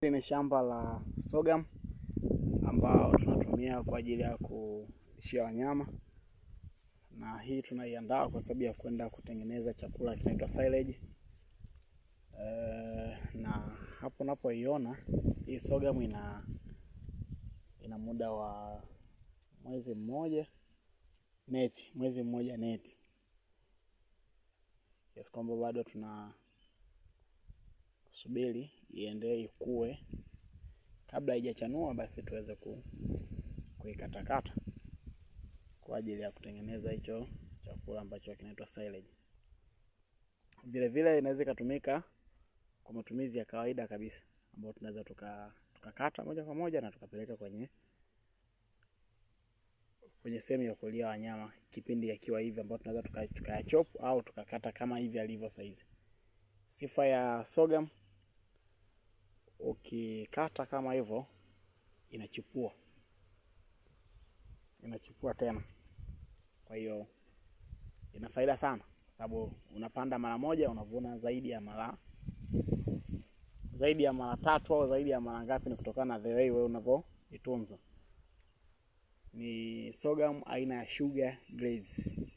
Hili ni shamba la sorghum ambao tunatumia kwa ajili ya kulishia wanyama, na hii tunaiandaa kwa sababu ya kwenda kutengeneza chakula kinaitwa silage. E, na hapo unapoiona hii sorghum ina, ina muda wa mwezi mmoja neti, mwezi mmoja neti, kiasi kwamba bado tuna tusubiri iendelee ikue, kabla haijachanua basi tuweze kuikatakata kwa ajili ya kutengeneza hicho chakula ambacho kinaitwa silage. Vile vile inaweza ikatumika kwa matumizi ya kawaida kabisa, ambayo tunaweza tukakata tuka moja kwa moja na tukapeleka kwenye kwenye sehemu ya kulia wanyama kipindi yakiwa hivi, ambayo tunaweza tukayachopu tuka au tukakata kama hivi alivyo saizi. Sifa ya sorghum ukikata kama hivyo inachipua, inachipua tena. Kwa hiyo ina faida sana, sababu unapanda mara moja unavuna zaidi ya mara zaidi ya mara tatu au zaidi ya mara ngapi, ni kutokana na the way wewe unavyoitunza. Ni sorghum aina ya sugar graze.